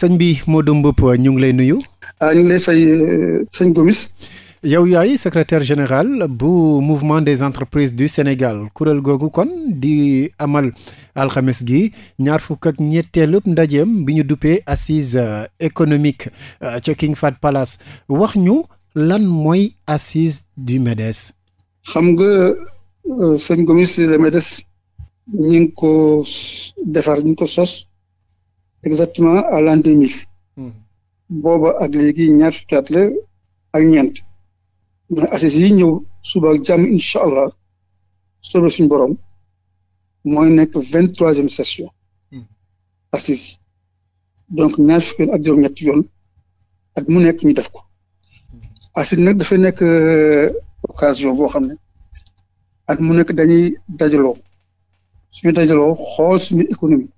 sëñ bi Modou Mboup ñu ngi lay nuyu. Ah, ñu ngi lay fay euh, sëñ Gomis. yow yaay secretaire général bu mouvement des entreprises du Sénégal kuréel googu kon di amal alxames gi ñaar fukk ak ñetteelub ndajeem bi ñu duppee assise euh, économique euh, ca King fat Palace wax ñu lan mooy assise du MEDES. xam nga sëñ Gomis le MEDES. ñu ngi ko defar ñu ngi ko sos. exactement à l'an 2000. Hmm. booba ak léegi ñaar fukki at la ak ñeent. man yi ñëw suba ak jàmm allah soobee suñ borom mooy nekk vingt troisième session. Hmm. assises donc ñaar fukki ak juróom yoon at mu nekk ñu def ko. Hmm. assises nag dafay nekk euh, occasion boo xam ne at mu nekk dañuy dajaloo suñu dajaloo xool suñu économie.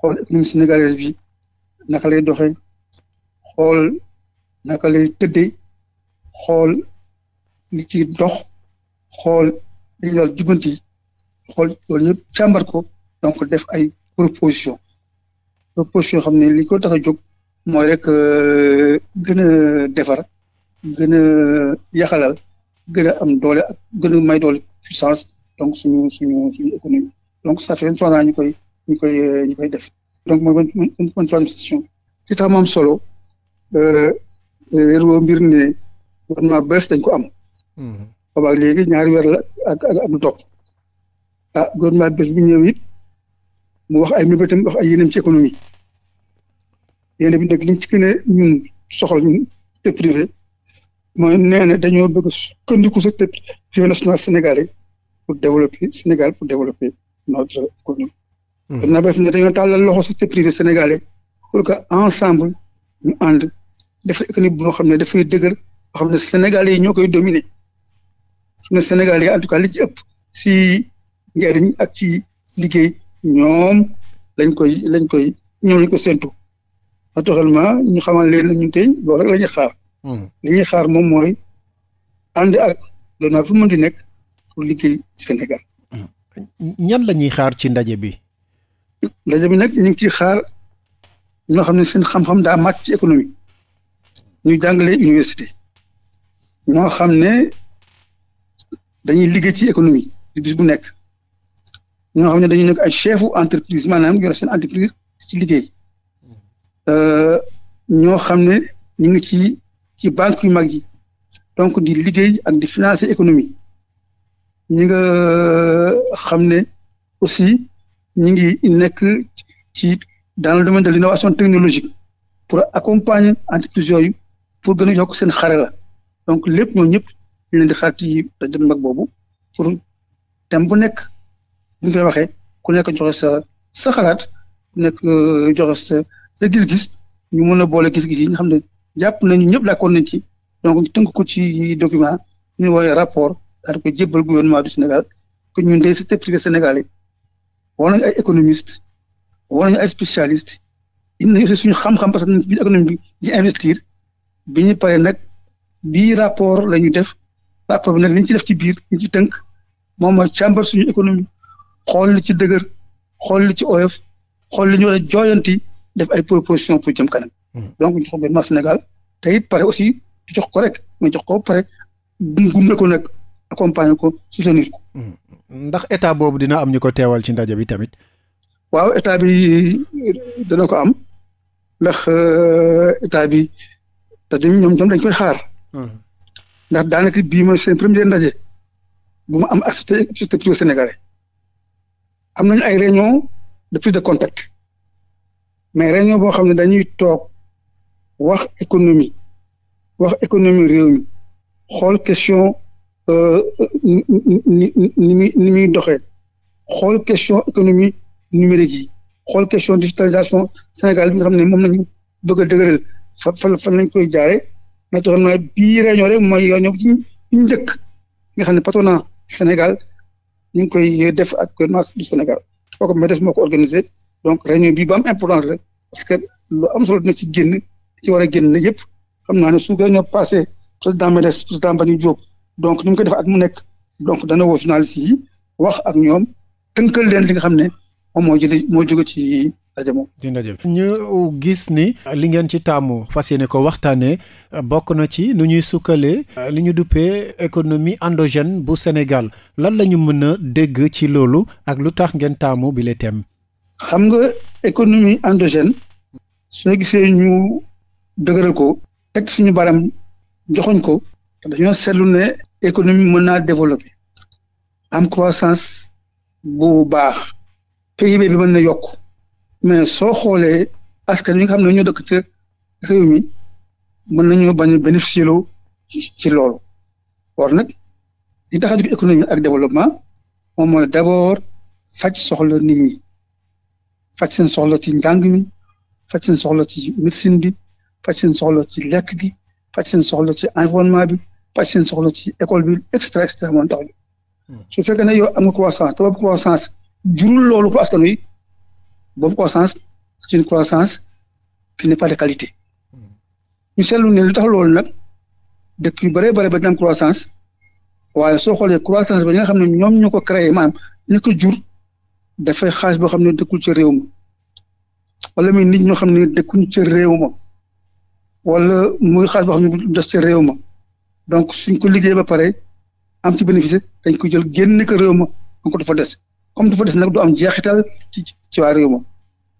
xool économie sénégalaise bi naka lay doxee xool naka lay tëddee xool li ci dox xool li ñu jubanti xool loolu yëpp càmbar ko donc def ay proposition proposition xam ne li ko tax a jóg mooy rek euh, gën a defar gën a yaxalal gën a am doole ak gën a may doole puissance donc suñu suñu suñu économie donc ça fait trois ans ñu koy ñu koy ñu koy def donc mooy bonne planification ci moom solo euh, euh, weer woo mbir ne gouvernement bees dañ ko am mm-hmm. boobaak léegi ñaari weer la ak ak ak lu topp ah gouvernement bees bu ñëw mu wax ay mébétam wax ay yéenam ci économie yéene bi nag liñ ci gën a ñun soxla ñun secteur privé mooy nee na dañoo bëgg sukkandiku secteur privé national sénégalais pour développer Sénégal pour développer notre kon naa ba fi loxo société privée sénégalais pour que ensemble ñu ànd def économie bu xam ne dafay dëgër boo xam ne sénégalais yi ñoo koy dominer su ne sénégalais yi en tout cas li ci ëpp si njëriñ ak ci liggéey ñoom lañ koy lañ koy ñoom lañ ko séntu naturellement ñu xamal leen ñun tey loolu rek la ñuy xaar. Mhm. li xaar moom mooy ànd ak gannaaw fu mën di nekk pour liggéey Sénégal. ñan la ñuy xaar ci ndaje bi. ndaje bi nag ñu ngi ciy xaar ñoo xam ne seen xam-xam daa màcc ci économie ñuy jàngale université ñoo xam ne dañuy liggéey ci économie di bis bu nekk ñoo xam ne dañuy nekk ay chefu entreprise maanaam yore seen entreprise ci liggéey euh, ñoo xam ne ñu ngi ci ci banque yu mag yi donc di liggéey ak di financer économie ñi nga euh, xam ne aussi ñi ngi nekk ci dans le domaine de l'innovation technologique pour accompagner entreprises yooyu pour gën a yokk seen xare donc lépp ñoo ñëpp ñu leen di xaar ci rajo boobu pour thème bu nekk bu ñu koy waxee ku nekk joxe sa sa xalaat ku nekk euh, joxe sa sa gis-gis ñu mën a boole gis-gis yi nga xam ne jàpp nañu ñëpp d'accord nañ ci donc ñu tënk ko ci document ñu woowee rapport daal di ko jébbal gouvernement du Sénégal que ñun day secteur privé sénégalais war ay économiste war nañu ay spécialiste indi nañu aussi suñu xam-xam parce que biir économie bi investir bi ñu paree nag bii rapport la def rapport bi nag li ci def ci biir li ñu ci tënk moom mooy càmbar suñu économie xool li ci dëgër xool li ci oyof xool li ñu war a jooyanti def ay proposition pour jëm kanam. Hmm. donc ñu jox gouvernement Sénégal te it pare aussi jox ko rek nga jox ko pare gunge ko nag accompagner ko soutenir ko. Hmm. ndax état boobu dina am ñu ko teewal ci ndaje bi tamit. waaw état bi dana ko am ndax euh, état bi te ñoom ñoom dañ koy xaar. Hmm. ndax daanaka bii mooy seen premier ndaje bu mu am ak société privée sénégalais am nañu ay réunion de prise de contact mais réunion boo xam ne dañuy toog wax économie wax économie réew xool question. ni ni muy ni muy doxee xool question économie numérique yi xool question digitalisation Sénégal bi nga xam ne moom nañu bëgg a fa fan fan lañ koy jaare naturellement bii réunion rek mooy réunion bi ci njëkk nga xam ne patronat Sénégal ñu ngi koy def ak gouvernement du Sénégal kooku MEDES moo ko organisé donc réunion bi ba am importance parce que lu am solo dina ci génn ci war a génn yëpp xam naa ne su réunion passé président MEDES président Mbagnick Diop donc ni mu koy def ak mu nekk donc dana woo journaliste yi wax ak ñoom tënkal leen li nga xam ne moo jëlee moo jóge ci rajo moom. ñu gis ni. li ngeen ci taamu fas yéene ko waxtaanee bokk na ci nu ñuy sukkalee li ñu duppee économie endogène bu Sénégal lan la ñu mën a dégg ci loolu ak lu tax ngeen taamu bi le thème. xam nga économie endogène. soo gisee ñu dëgëral ko. teg suñu baram joxuñ ko. dañoo seetlu ne économie mën naa développer am croissance bu baax PIB bi mën na yokk mais soo xoolee askan wi nga xam ne ñoo dëkk ci réew mi mën nañu bañ a ci loolu or nag li tax a jóg économie ak développement moom mooy d'abord faj soxla nit ñi faj seen soxla ci njàng mi faj seen soxla ci médecine bi faj seen soxla ci lekk gi faj seen soxla ci environnement bi faj seen soxla ci école bi extra expérimentale hmm. su fekkee ne yow am nga croissance te boobu croissance jurul loolu pour askan wi boobu croissance c'est une croissance qui n'est pas de qualité hmm. ñu seetlu ne lu tax loolu nag dëkk yu bëree bëri ba dina am croissance waaye soo xoolee croissance ba ñi nga xam ne ñoom ñoo ko créé maanaam ñu ko jur dafay xaalis boo xam ne dëkkul ci réew ma wala muy nit ñoo xam ne dëkkuñ ci réew ma wala muy xaalis boo xam ne des ci réew ma donc suñ ko liggéey ba pare am ci bénéfice dañ ko jël génn ko réew ma donc dafa des comme dafa des nag du am jeexital ci ci waa réew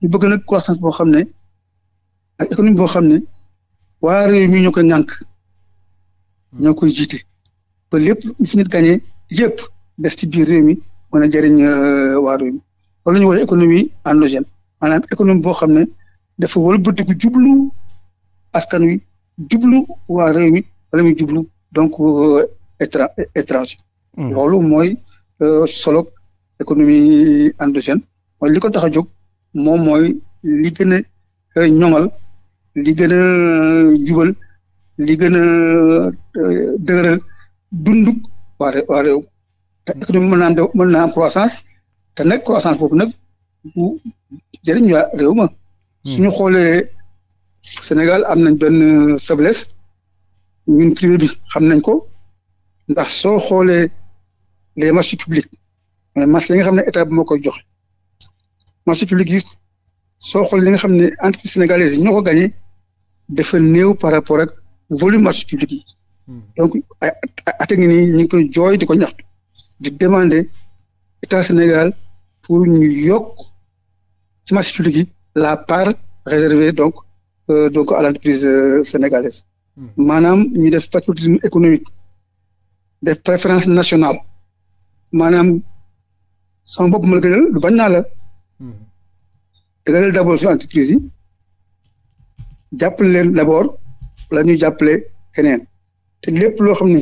ñu bëgg nag croissance boo xam ne ak économie boo xam ne waa réew mi ñoo koy ñànk ñoo koy jiite ba lépp lu yëpp des ci biir réew mi mën a jëriñ euh, waa réew mi loolu la ñuy wax économie endogène maanaam économie boo xam ne dafa wëlbatiku jublu askan wi jublu waa réew mi wala muy jublu donc euh, étra étranger. loolu mooy euh, solo économie endogène mooy li ko tax a jóg moom mooy li gën euh, ñoŋal li gën jubal li gën a dëgëral dunduk waa ré waa économie mën na de mën naa am croissance te nag croissance boobu nag bu jëriñ waa réew ma suñu xoolee Sénégal am nañ benn faiblesse ñun privé bi xam nañ ko ndax soo xoolee les marchés publics mais marché yi nga xam ne état bi moo koy joxe marché public yi soo xoolee li nga xam ne entreprise sénégalaise yi ñoo ko gagné dafa néew par rapport ak volume marché public yi hmm. donc ay at ngi nii ñu ngi koy jooy di ko ñaxtu di demander état Sénégal pour ñu yokk ci marché public yi la part réservée donc euh, donc à l'entreprise euh, sénégalaise maanaam ñu def patriotisme économique def préférence nationale maanaam sama bopp ma la gënal bañ naa la dëgëral hmm. d' abord suñu entreprise yi jàppale leen d' abord la ñuy jàppale keneen te lépp loo xam ne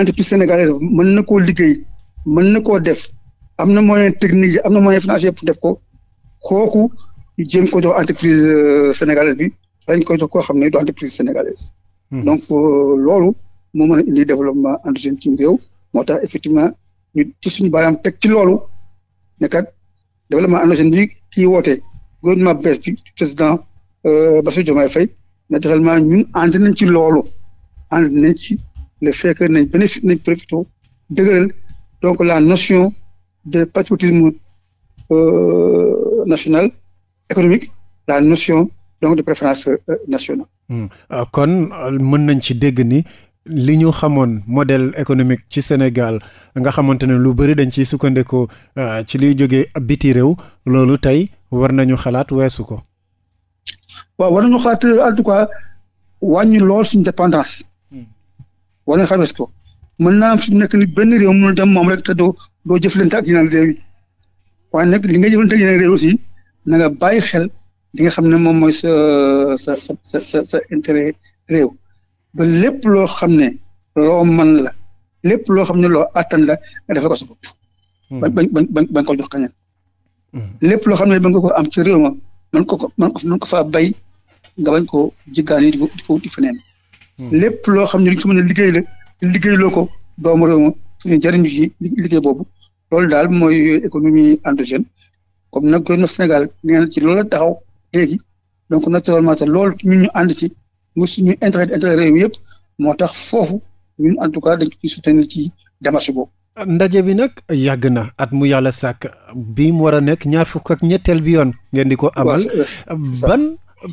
entreprise sénégalaise mën na koo liggéey mën na koo def am na moyen technique yi am na moyen financier pour def ko kooku ñu jéem ko jox entreprise euh, sénégalaise bi lañ jox koo xam ne du entreprise sénégalaise Mhm. donc euh, loolu moo mën indi développement endogène ci réew moo tax effectivement ci suñu baaraam teg ci loolu ne kat développement endogène bi ci woote gouvernement bees bi président euh, Bassirou Diomaye Faye naturellement ñun ànd nañ ci loolu ànd nañ ci le fait que nañ bénéfice nañ profité dëgëral donc la notion de patriotisme euh, national économique la notion donc de préférence euh, euh, nationale. Hmm. Euh, kon mën nañ ci dégg ni li ñu xamoon modèle économique ci Sénégal nga xamante ne lu bari dañ ciy sukkandikoo ci liy jógee biti réew loolu tey war nañu xalaat weesu ko. waa war nañu xalaat en tout cas wàññi lool suñu dépendance. Hmm. war nañu xalaat ko mën naa am suñu nekk ni benn réew mënul dem moom rek te doo doo jëflante ak yeneen réew yi waaye nag li nga jëflante ak yeneen réew aussi na bàyyi xel. li nga xam ne moom mooy sa sa sa sa sa intérêt réew ba lépp loo xam ne loo man la lépp loo xam ne loo attan la nga defee ko sa bañ hmm. ba ba ba ba ko jox keneen. Hmm. lépp loo xam ne mën ko am ci réew mën ko ko mën ko faa bay nga bañ ko jiggaani di ko di ko wuti feneen. Hmm. lépp loo xam ne li ñu mën a liggéey la liggéeyloo ko doomu réew ma suñu jëriñu liggéey boobu loolu daal mooy économie endogène comme nag goy na Sénégal nee ci loolu la taxaw. léegi donc naturellement te loolu ñun ñu ànd ci mu suñu intérêt intérêt réew mi yëpp moo tax foofu ñun en tout cas dañ koy soutenir ci démarche boobu. ndaje bi nag yàgg na at mu yàlla sàkk bi mu war a nekk ñaar fukk ak ñetteel bi yoon. ngeen di ko amal ban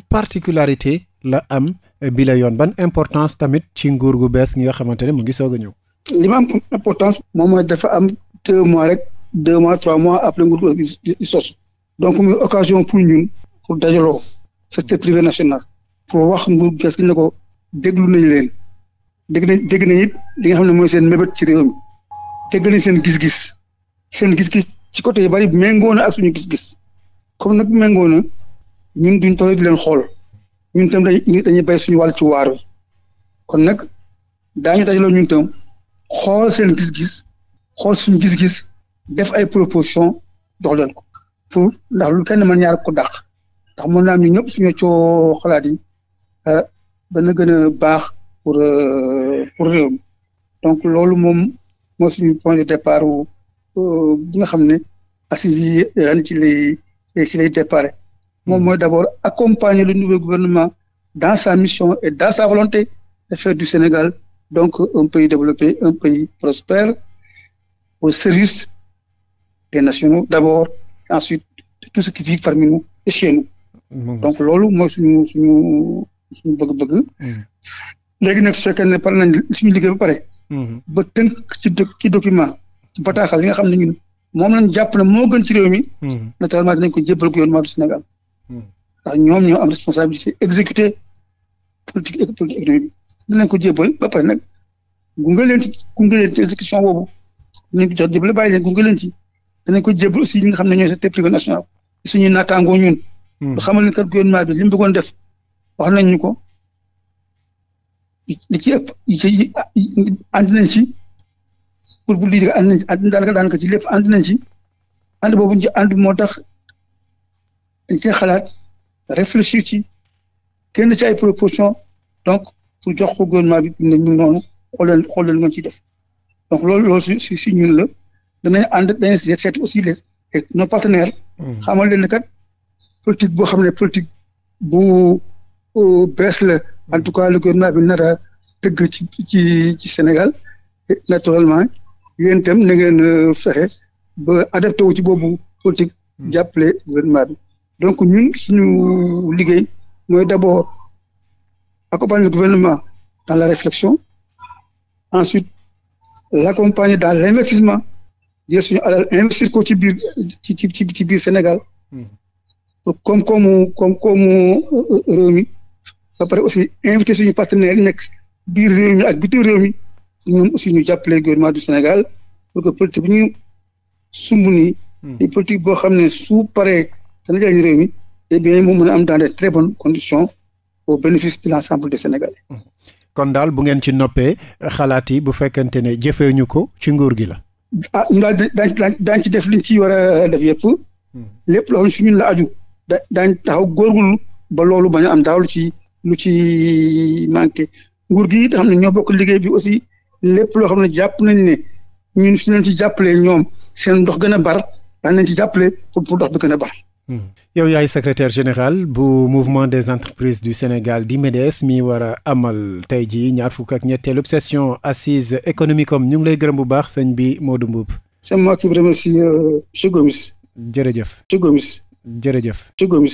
particularité la am bi yoon ban importance tamit ci nguur gu bees gi nga xamante ne mu ngi soog a ñëw. li am importance. moom mooy dafa am mois rek deux mois trois mois après nguur donc muy occasion pour ñun. pour dajaloo société privée nationale pour wax nguur gas gi ne ko déglu nañ leen dégg nañ dégg nañ it li nga xam ne mooy seen mébét ci réew mi dégg nañ seen gis-gis seen gis-gis ci côté yu bari méngoo na ak suñu gis-gis comme nag méngoo na ñun duñ toll di leen xool ñun tam dañuy dañuy bay suñu wàll ci waar kon nag daañu dajaloo ñun tam xool seen gis-gis xool suñ gis-gis def ay proposition jox leen ko pour ndax lu kenn mën ko dàq ndax mën naa am ñun ñëpp suñu coo xalaat yi ah, dana gën a baax pour euh, pour réew donc loolu moom moo suñu point de départ euh, bi nga xam ne assises yi ren ci lay ci lay moom mooy d'abord accompagner le nouveau gouvernement dans sa mission et dans sa volonté de faire du Sénégal donc un pays développé un pays prospère au service des nationaux d'abord ensuite de tout ce qui vit parmi nous et donc loolu mooy suñu suñu suñu bëgg-bëgg. Hmm. léegi nag su fekkee ne pare nañ suñu liggéey ba pare. Hmm. ba tënk ci ci document ci bataaxal yi nga xam ne ñun moom lañ jàpp na moo gën ci réew mi. Hmm. naturellement dinañ ko jébbal gouvernement du Sénégal. ndax ñoom ñoo am responsabilité exécuter politique politique économique bi dinañ ko jébbal ba pare nag gunge leen ci gunge leen ci exécution boobu dinañ ko jox jébbal bàyyi leen gunge leen ci dinañ ko jébbal aussi ñi nga xam ne ñooy te privé national suñu naataangoo ñun. lu hmm. xamal ni kat gouvernement bi li mu bëggoon def wax nañ ñu ko li ci ëpp ci ànd nañ ci pour bu lii ànd nañ ci ci lépp ànd nañ ci ànd ci ànd moo tax dañ cee xalaat réfléchir ci kenn ci ay proposition donc pour jox ko gouvernement bi ne ñu noonu xool leen ciy def donc loolu loolu si si si ñun la danañ ànd danañ seet aussi les nos partenaires. Hmm. xamal leen kat. politique boo xam ne politique bu bees hmm. en tout cas le gouvernement bi nata a tëgg ci ci ci Sénégal naturellement yéen itam na ngeen euh, fexe ba adapté wu ci boobu politique hmm. jàppale gouvernement bi donc ñun suñu liggéey mooy d'abord accompagner le gouvernement dans la réflexion ensuite l'accompagner dans l'investissement jël suñu alal investir ko ci biir ci ci ci biir Sénégal hmm. koom-koomu koom-koomu euh, réew mi ba pare aussi invité suñu partenaires nekk biir réew mi ak bitim réew mi ñoom aussi ñu jàppale gouvernement du Sénégal pour que politique bu ñu sumb ni hmm. di politique boo xam ne su paree dana jëriñ réew mi eh bien mu mën a am dans de très bonnes conditions au bénéfice de l'ensemble des Sénégalais. Hmm. kon daal bu ngeen ci noppee xalaat yi bu fekkente ne jëfeeñu ko ci nguur gi la. ah ñu daal daañu ci def li ci war a def yëpp. Hmm. lépp loo xam ne la aju. da daañ taxaw góorgóorlu ba loolu bañ a am daaw lu ci lu ci manqué nguur gi it xam ne ñoo bokk liggéey bi aussi lépp loo xam ne jàpp nañ ne ñun su leen ci jàppalee ñoom seen ndox gën a bar daan nañ ci jàppale pour pour ndox a bar. Hmm. yow yaay secrétaire général bu mouvement des entreprises du Sénégal di MEDES mi war a amal tey jii ñaar fukk ak ñetteelu session assise économique ñu ngi lay gërëm bu baax sëñ bi Modou Mboup. c'est moi qui vous remercie euh, monsieur Gomis. jërëjëf monsieur Gomis. jërëjëf.